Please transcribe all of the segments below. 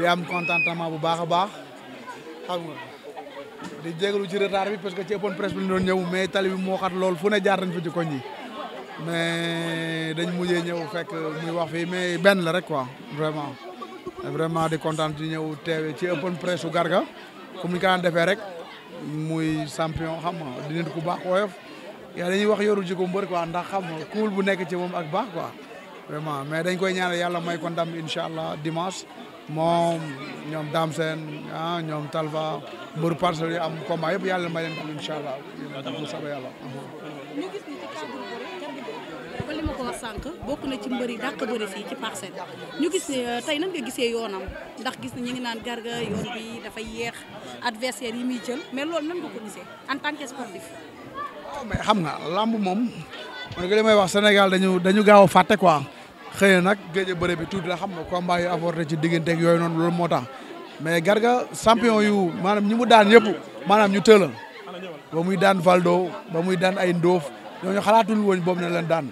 di am contentement bu baax a baax xam nga di jégalu ci retard bi parce que ci ëppoon presse bi ñu doon ñëw mais tali bi moo xat lool fu ne jaar nañ fa ci koñ yi mais dañ mujjee ñëw fekk muy wax fi mais benn la rek quoi vraiment vraiment di kontaan di ñëw teewe ci ëppoon presse su Garga comme ni ko daan defee rek muy champion xam di nit ku baax woyof yaa dañuy wax yoru jiko mbër quoi ndax xam nga kuul bu nekk ci moom ak baax quoi vraiment mais dañ koy ñaanal yàlla may ko ndam allah dimanche moom ñoom Dame Sène ah, ñoom talba mbër parcelles yi am combat yëpp yàlla may leen ko incha allah. bu yàlla. ñu gis ni ci cadre bëri kon li ma ko wax sànq bokk na ci mbëri dàq bëri si ci parcelle ñu gis ne euh, tey nan nga gisee yoonam ndax gis na ñu ngi naan garga yoon bi dafay yeex adversaire yi muy jël mais loolu nan nga ko gisee en tant que sportif. Oh, mais xam nga lamb moom. man li may wax Sénégal dañu dañu gaaw a fàtte quoi. xëy nag géej bëre bi tuuti la xam nga combat yu avorté ci digganteeg yooyu noonu loolu moo tax mais garga champion yu maanaam ñi mu daan yëpp maanaam ñu tëla ba muy daan Valdo ba muy daan ay ñooñu xalaatul woon boobu ne leen daan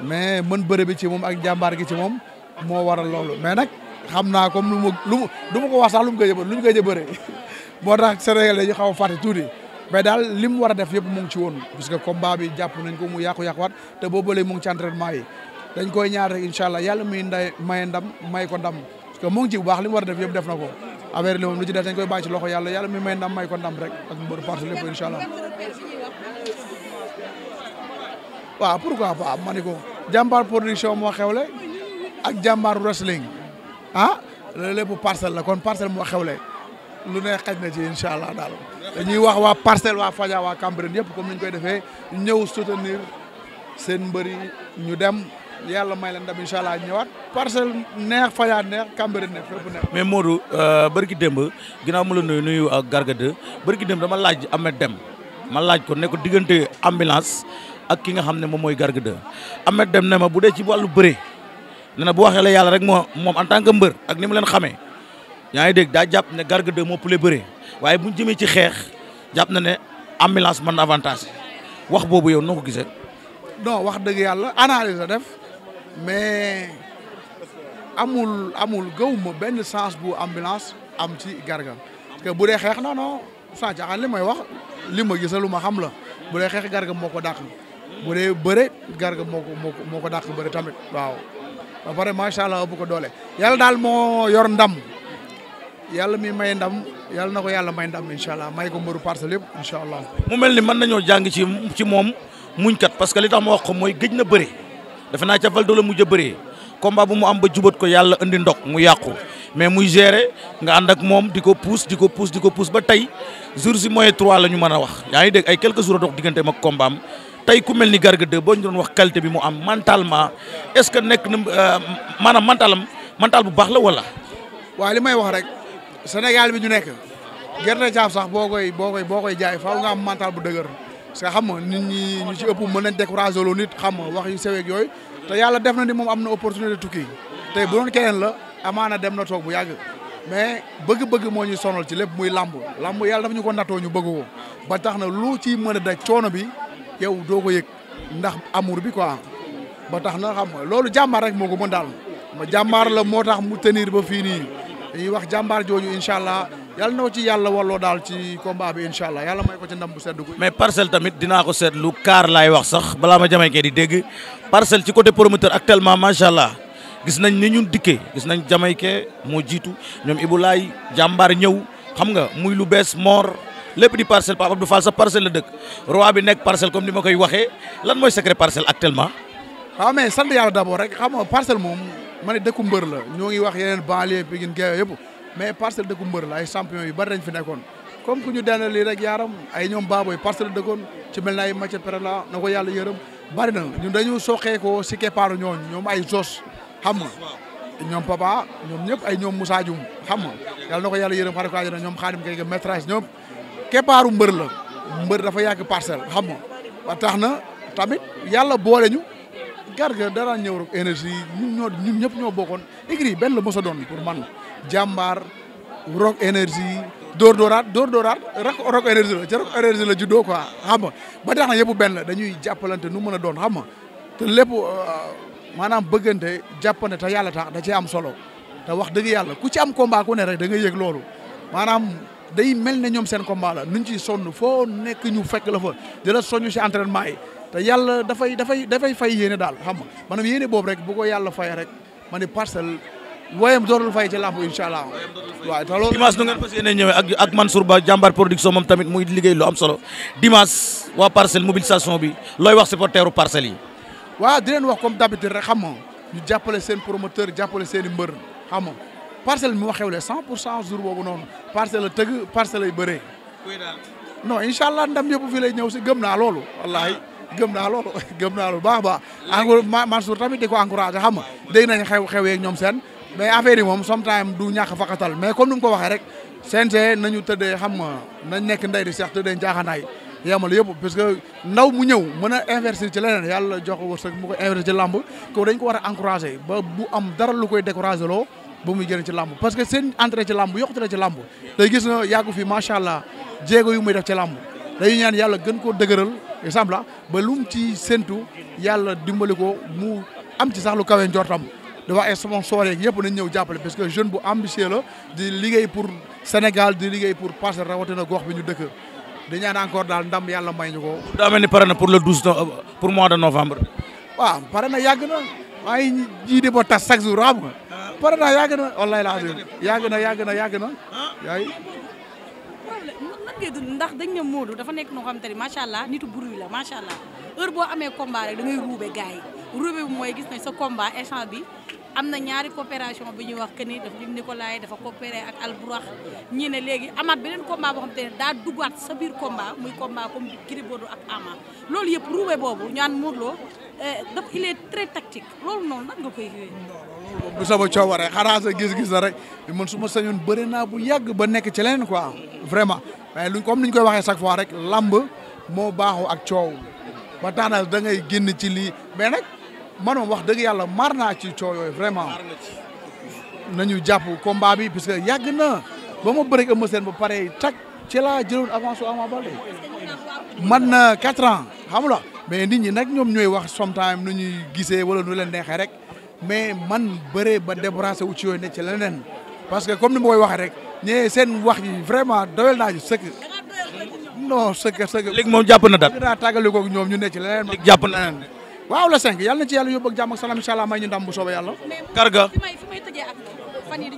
mais mën bëre bi ci moom ak jàmbaar gi ci moom moo waral loolu mais nag xam naa comme lu mu lu ma ma ko wax sax lu mu gëj a bëri lu ñu gëj a bëri moo tax Sénégal dañu xaw a fàtte tuuti mais daal li mu war a def yëpp mun ci woon parce que combat bi jàpp nañ ko mu yàqu-yàquwaat te boo bëlee mu ngi yi dañ koy ñaar rek incha allah yàlla muy nday may dam may ko ndam parce mu ngi ci li mu war a def yëpp def na ko affaire li moom lu ci def koy bàyyi ci loxo yàlla may ndam may ko ndam rek ak mbër parti lépp incha allah waaw pourquoi pas ma ni jàmbaar production moo xewle ak jàmbaar wrestling ah loolu lépp parcelle la kon parcelle moo xewle lu ne xaj na ci incha allah daal dañuy wax waa parcelle waa Fadia waa Cambérène yëpp comme ni ñu koy defee ñëw soutenir seen mbëri ñu dem yàlla may la ndam incha allah ñëwaat parcelle neex fayaa neex Cambérène neex fépp neex. mais Modou euh, barki démb ginnaaw mu la nuyu nuyu ak Garga 2 barki dama laaj Ahmed dem ma laaj ko nekko diggante ambulance ak ki nga xam ne moom mooy Garga 2 dem Deme ne ma bu dee ci wàllu bëre ne na bu waxee la yàlla rek moo moom en tant que mbër ak ni mu leen xamee yaa ngi dégg daa jàpp ne Garga 2 moo pule bëre waaye bu jëmee ci xeex jàpp na ne ambulance man avantage wax boobu yow noo ko gisee. mais amul amul gëwuma benn sens bu ambulance am ci Garga parce bu dee xeex non non sans caaxaan li may wax li ma gisa ma xam la bu dee xeex Garga moo ko dàq bu dee bëre Garga moo ko moo moo ko dàq bëre tamit waaw ba pare macha allah ëpp ko doole yàlla daal moo yor ndam yàlla mi may ndam yàlla na ko yàlla may ndam incha allah may ko mbëru parcelle yëpp allah. mu mel ni mën nañoo jàng ci ci moom muñ kat parce que li tax ma wax ko mooy gëj na bëre. defe naa ca Valdo la mujj a bëree combat bu mu am ba jubat ko yàlla indi ndox mu yàqu mais muy gérer nga ànd ak moom di ko pousse di ko pousse di ko pousse ba tey jour si moyen trois la ñu mën a wax yaa ngi dégg ay quelques jours a dox digganteem ak combat am tey ku mel ni Garga 2 boo ñu doon wax qualité bi mu am mentalement est-ce que nekk na euh, maanaam mentalam mental bu baax la wala. waa li may wax rek Sénégal bi ñu nekk gerte caaf sax boo koy boo koy boo koy jaay faaw nga am mental bu dëgër. parce que xam nga nit ñi ñu ci ëpp mën nañ découragé loo nit xam nga wax yu seweeg yooyu te yàlla def na ni moom am na opportunité tukki tey bu doon keneen la amaana dem na toog bu yàgg mais bëgg-bëgg moo ñu sonal ci lépp muy làmb làmb yàlla dafa ñu ko nattoo ñu bëgg ko ba tax na lu ciy mën a daj coono bi yow doo ko yëg ndax amur bi quoi ba tax na xam nga loolu jàmbaar rek moo ko mën daal ma jàmbaar la moo tax mu tenir ba fii nii dañuy wax jàmbaar jooju incha allah yàlla na ko ci yàlla walloo daal ci combat bi incha allah yàlla may ko ci ndam bu sedd ko mais parcelle tamit dinaa ko seetlu kaar laay wax sax balaa ma jamaykee di dégg parcel ci côté promoteur actuellement macha allah gis nañ ni ñun dikkee gis nañ ke moo jiitu ñoom ibu ibulaay jàmbaar ñëw xam nga muy lu bees moor lépp di parcel Pape Abdou Fall sa parcelle la dëkk roi bi nekk parcelle comme ni ma koy waxee lan mooy secret parcelle actuellement. waaw ah, mais sant yàlla d'abord rek xam nga moom ma ne dëkku la ñoo ngi wax yeneen banlieue Pikine Gueye yëpp. mais parcelle dëkku mbër la ay champion yu bari dañ fi nekkoon comme ku ñu daan lii rek yaaram ay ñoom baaboy parcelle dëkkoon ci mel na ay Mathieu Perala na ko yàlla yërëm bari na ñun dañu soqee ko si keppaaru ñooñu ñoom ay jos xam nga ñoom papa ñoom ñëpp ay ñoom Moussa Dioum xam nga yàlla na ko yàlla yërëm xare ko àjjana ñoom xaadim kay métrage ñoom keppaaru mbër la mbër dafa yàgg parcelle xam nga ba tax na tamit yàlla boole ñu garga dara ñëw rek énergi ñun ñoo ñun ñëpp ñoo bokkoon écrit benn la mos a doon pour man jàmbaar rock énergie dóor dóoraat dóor dóoraat rock rock énergie la ca rock énergie la juddoo doo ko nga ba tax na yëpp benn la dañuy jàppalante nu mën a doon xam nga te lépp euh, maanaam bëggante jàppante te yàlla tax da cee am solo te wax dëgg yàlla ku ci am combat ne rek da nga yëg loolu maanaam day mel ne ñoom seen combat nu nuñ ciy sonn foo nekk ñu fekk la fa di la soñu si entraînement yi te yàlla dafay dafay fay yéene daal xam nga maanaam yéene boobu rek bu ko yàlla fay rek ma ne parcelle woyam doorul fay ci làmb incha allah waaw te loolu dimanche nu ngeen fas yéene ñëwee ak ak Mansour Ba jàmbaar production moom tamit muy liggéey lu am solo dimanche waa parcelle mobilisation bi looy wax supporteru parcelle yi waa di leen wax comme d'habitude rek xam nga ñu jàppale seen promoteur jàppale seen i mbër xam mu parcelle xew le cent pour cent jour boobu noonu parcelle la tëgg parcelle ay bëree non incha allah ndam yëpp fii lay ñëw si gëm naa loolu wallahi gëm naa loolu gëm naa loolu baax baax Mansour tamit di ko encouragé xam nga dégg nañ xew xew yeeg ñoom seen mais affaire yi moom sometimes du ñàkk fakatal mais comme ni nga ko waxee rek CNG nañu tëddee xam nga nekk ndey di seex tëddee njaaxanaay yemal yëpp parce que ndaw mu ñëw mën a investir ci leneen yàlla jox ko wërsëg mu ko investir ci làmb ko dañ ko war a encouragé ba bu am dara lu koy découragé loo ba muy génn ci làmb parce que seen entrée ci làmb yokkute la ci làmb gis na yàggu fi macha allah jéego yu muy def ci làmb dañu ñaan yàlla gën koo dëgëral exemple ba lu ci séntu yàlla dimbali ko mu am ci saxlu lu kawe njortam di wax ay sponsor yeeg ñëpp nañ ñëw jàppale parce que jeune bu ambitieux la di liggéey pour Sénégal di liggéey pour Parcelles rawatina gox bi ñu dëkk di ñaan encore daal ndam yàlla may ñu ko. daa mel ni pare na pour le douze pour mois de novembre. waaw pare na yàgg na maa ngi ji di ba tas chaque jour xam nga pare na yàgg na wallaay laa yàgg na yàgg na yàgg na yaay. problème nan ngay ndax dañ ne Modou dafa nekk noo xam te macha allah nitu bruit la macha allah. heure boo amee combat rek da ngay ruube gars ruube bi mooy gis nañ sa combat échange bi am na ñaari coopération bi ñuy wax que ni dafa lim Nicolas dafa coopéré ak Alburax ñii ne léegi amaat beneen combat boo xam te daa duggaat sa biir combat muy combat comme Gris Bordeaux ak Ama loolu yëpp ruube boobu ñaan Modou Lo eh, dafa il est très tactique loolu noonu nan nga koy yëwee. loolu du sama coobare xanaa gis-gis la rek man su ma sañoon bëri naa bu yàgg ba nekk ci leneen quoi vraiment mais luñ comme ni ñu koy waxee chaque fois rek lamb moo baaxoo ak coow. ba tax na da ngay génn ci lii mais nag man moom wax dëgg yàlla mar naa ci coow yooyu vraiment ñu jàpp combat bi parce que yàgg na ba ma bëri Eumeu Sène ba pare tak ci laa jëloon avance su Ama Baldé man na quatre ans xam la mais nit ñi nag ñoom ñooy wax sometime na ñuy gisee wala nu leen neexee rek mais man bëree ba débranché wu ci yooyu ne ci leneen parce que comme ni ma koy waxee rek ñee seen wax yi vraiment doyal naa ji sëkk non sëgg sëgg. léegi moom jàpp na date. dinaa tàggali koog ñoom ñu ne ci leneen. léegi jàpp na leneen. waaw la cinq yàlla na ci yàlla yóbbu jàmm ak salaam may ñu ndam bu soobee yàlla. Garga fan yi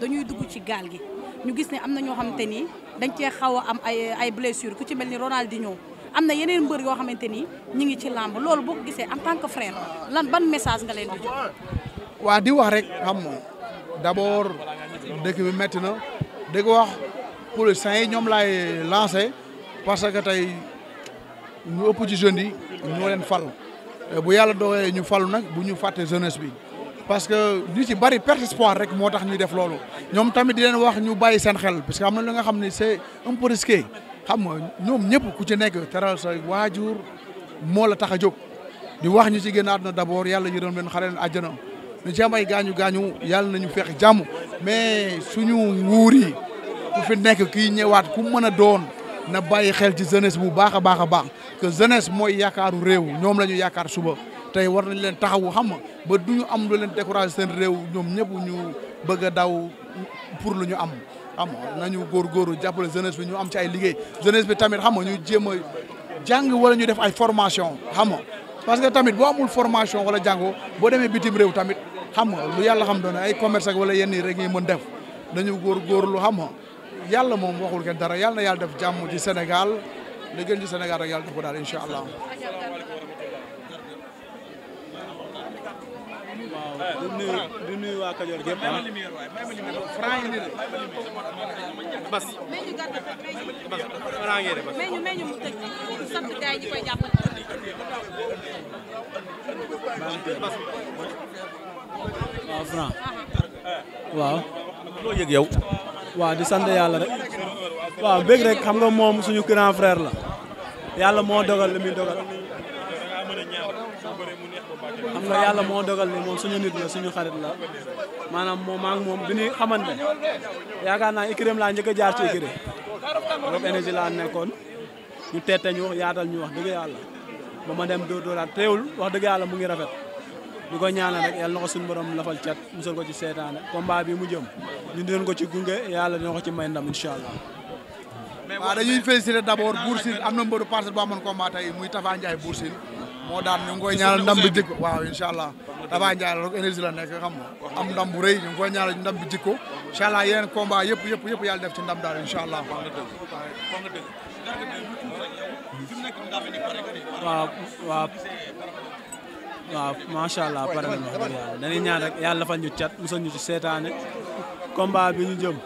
dañuy dugg ci gaal gi ñu gis ne am na ñoo xamante ni dañ cee xaw a am ay ay blessure ku ci mel ni Ronaldinho am na yeneen mbër yoo xamante ni ñu ngi ci làmb loolu boo ko gisee en tant que frère lan ban message nga leen di jox. waa di wax rek xam nga d'abord dëkk bi métti na dëgg wax politiciens yi ñoom laay lancé parce que tey ñu ëpp ci jeunes yi ñoo leen fal bu yàlla doogee ñu falu nag bu ñu fàtte jeunesse bi parce que ñu ci bari perte espoir rek moo tax ñuy def loolu ñoom tamit di leen wax ñu bàyyi seen xel parce que am na lu nga xam ne c'est un peu risqué xam ñoom ñëpp ku ci nekk teral sa waajur moo la tax a jóg di wax ñu jigéen ci génn àdduna d'abord yàlla yërëm leen xale leen àjjana ñu ci am ay gaañu gaañu yàlla nañu fekk jàmm mais suñu nguur yi ku fi nekk kii ñëwaat ku mën a doon na bàyyi xel ci jeunesse bu baax a baax a baax que jeunesse mooy yaakaaru réew ñoom la ñu yaakaar suba tey war nañ leen taxaw xam ma ba du ñu am lu leen découragé seen réew ñoom ñëpp ñu bëgg a daw pour lu ñu am xam nga góor góorgóorlu jàppale jeunesse bi ñu am ci ay liggéey jeunesse bi tamit xam nga ñu jéem a jàng wala ñu def ay formation xam nga parce que tamit boo amul formation wala jàngoo boo demee bitim réew tamit xam nga lu yàlla xam doon ay commerce wala yenn rek ngay mën def nañu góorgóorlu xam nga yàlla moom waxul kenn dara yàlla na yàlla def jàmm ci Sénégal li gën ci Sénégal rek yàlla def ko daal allah. waaw di nuyu di nuyu waa Kajoor gépp ah. Bas. Bas waaw waaw di sant yàlla rek waaw bëgg rek xam nga moom suñu grand frère la yàlla moo dogal li muy dogal xam nga yàlla moo dogal ni moom suñu nit la suñu xarit la maanaam moom maa moom bi ñuy xamante yaakaar naa ikrim laa njëkk a jaar ci ikrim rob énergie nekkoon ñu teete ñu wax yaatal ñu wax dëgg yàlla ba ma dem dóor dóoraat teewul wax dëgg yàlla mu ngi rafet di ko ñaanal rek yàlla na ko suñu borom lafal cat musal ko ci seetaane combat bi mu jëm ñu dinañ ko ci gunge yàlla dina ko ci may ndam incha allah. waaw dañuy féliciter d'abord Bour Sine am na mbëru parcelle bu amoon combat tey muy Tafa Ndiaye Bour moo daan ñu ngi ndam bi jikko waaw incha allah Tafa Ndiaye la xam nga am bu rëy ñu ngi koy bi jikko incha allah yeneen yëpp yëpp yëpp yàlla def ci ndam daal incha allah. waaw waaw. waaw macha allah pare na wax dëgg ñaan rek yàlla fal ñu cat musal ñu ci seetaane combat bi ñu jëm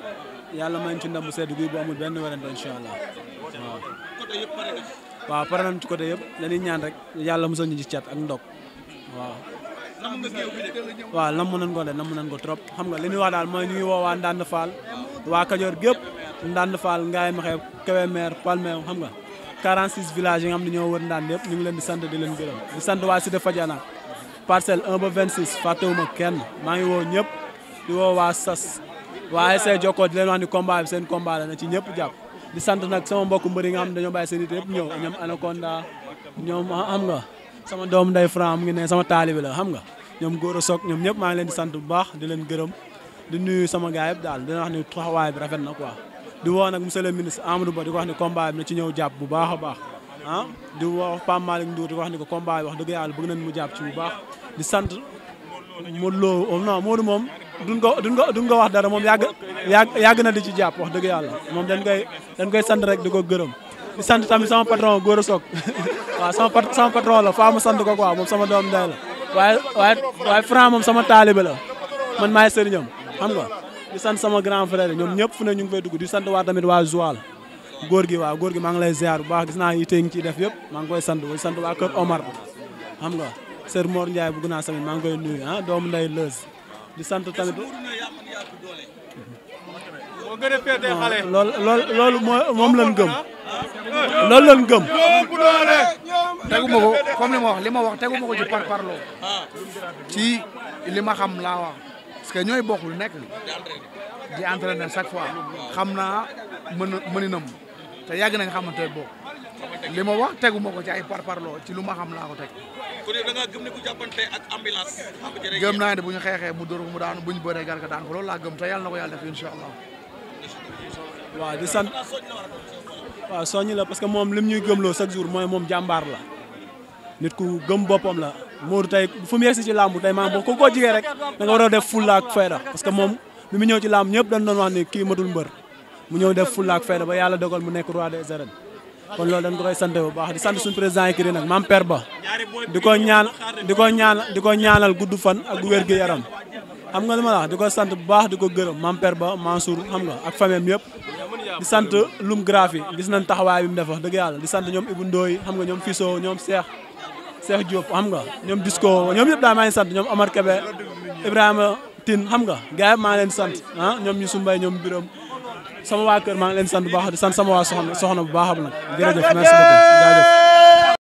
yàlla may ñu ci ndam bu sedd guy bu amul benn werante incha allah waaw. nañ ci côté yëpp ñaan rek yàlla musal ñu ci cat ak ndog waaw. waaw nañ ko de mu nañ ko trop xam nga li ñuy wax daal mooy ñu ngi woo waa Ndande Fall waa Kajoor gépp Ndande Fall Ngaye Mekhe Kébémer Palmer xam nga. 46 villages yi nga xam ne ñoo wër Ndande yëpp ñu ngi leen di sant di leen gërëm di sant waa Cité Fadiana parcelle 1 ba 26 fàttewuma kenn maa ngi woo ñëpp di woo waa sas waaye ASC jokoo di leen wax ni combat bi seen combat la na ci ñëpp jàpp di sant nag sama mbokk mbër yi nga xam ne dañoo bàyyi seen it yëpp ñëw ñoom Anaconda ñoom ah, xam nga sama doom nday Franc mu ngi ne sama taalibi la xam nga ñoom góor a soog ñoom ñëpp maa ngi leen di sant bu baax di leen gërëm di nuyu sama gaay daal dina wax ni taxawaay bi rafet na quoi di woo nag monsieur le ministre Amadou Ba di ko wax ne combat bi na ci ñëw jàpp bu baax a baax ah di woo Pape Malick Ndour di ko wax ne ko combat bi wax dëgg yàlla bëgg nañ mu jàpp ci bu baax di sant Modou Lo non Modou moom duñ ko duñ ko duñ ko wax dara moom yàgg yàgg na di ci jàpp wax dëgg yàlla moom dañ koy dañ koy sant rek di ko gërëm di sant tamit sama patron Gora Sock waaw sama sama patron la faa ma sant ko quoi moom sama doom ndey la waaye waaye waaye moom sama taalibe la man maay sëriñam xam nga di sant sama grand frère ñoom ñëpp fu ne ñu ngi fay dugg di sant waa tamit waa Joal góor gi waaw góor gi maa ngi lay ziar bu gis naa yitte ngi ciy def yëpp maa ngi koy sant di sant waa kër Omar xam nga Sër Mor Ndiaye bëgg naa tamit maa ngi koy nuyu ah doomu nday di sant tamit loolu loolu loolu moom lañ gëm loolu lañ gëm teguma ko comme li ma wax li ma wax teguma ko ci par ah. ma xam laa wax parce que ñooy bokk lu nekk di entraîner chaque fois xam naa mën mëninam te yàgg nañ xamante bokk li ma wax tegu ma ko ci ay parparloo ci lu ma xam laa ko teg. kon yow da ngaa gëm naa ne bu ñu xeexee mu dor mu daan bu ñu bëree garga daan ko loolu laa gëm te yàlla na ko yàlla def incha allah. waaw di parce que moom lim ñuy loo chaque jour mooy moom jàmbaar la nit ku gëm boppam la. Modou tey fu mu yegsi ci làmb tey maanaam boo ko ko jigee rek da nga war a def fulla ak fayda parce que moom bi mu ñëw ci làmb ñëpp dañ doon wax ni kii matul mbër mu ñëw def fulla ak fayda ba yàlla dogal mu nekk roi des arènes kon loolu dañ ko koy sant bu baax di sant suñu président yi kii nag maam père ba di ko ñaan di ko ñaanal gudd fan ak wér gu yaram xam nga li ma la di ko sant bu baax di ko gërëm maam père ba Mansour xam nga ak famem yëpp di sant lum graphi gis nañ taxawaay bi mu def wax dëgg yàlla di sant ñoom Ibou Ndoye xam nga ñoom Fiso ñoom Cheikh Cheikh Diop xam nga ñoom disco ñoom yëpp daal maa ngi sant ñoom Omar Kebe Ibrahima Tine xam nga gars yëpp maa leen sant ah ñoom ñu sumbay ñoom biram sama waa kër maa ngi leen sant bu baax di sant sama waa soxna soxna bu baax a baax jërëjëf merci beaucoup jaajëf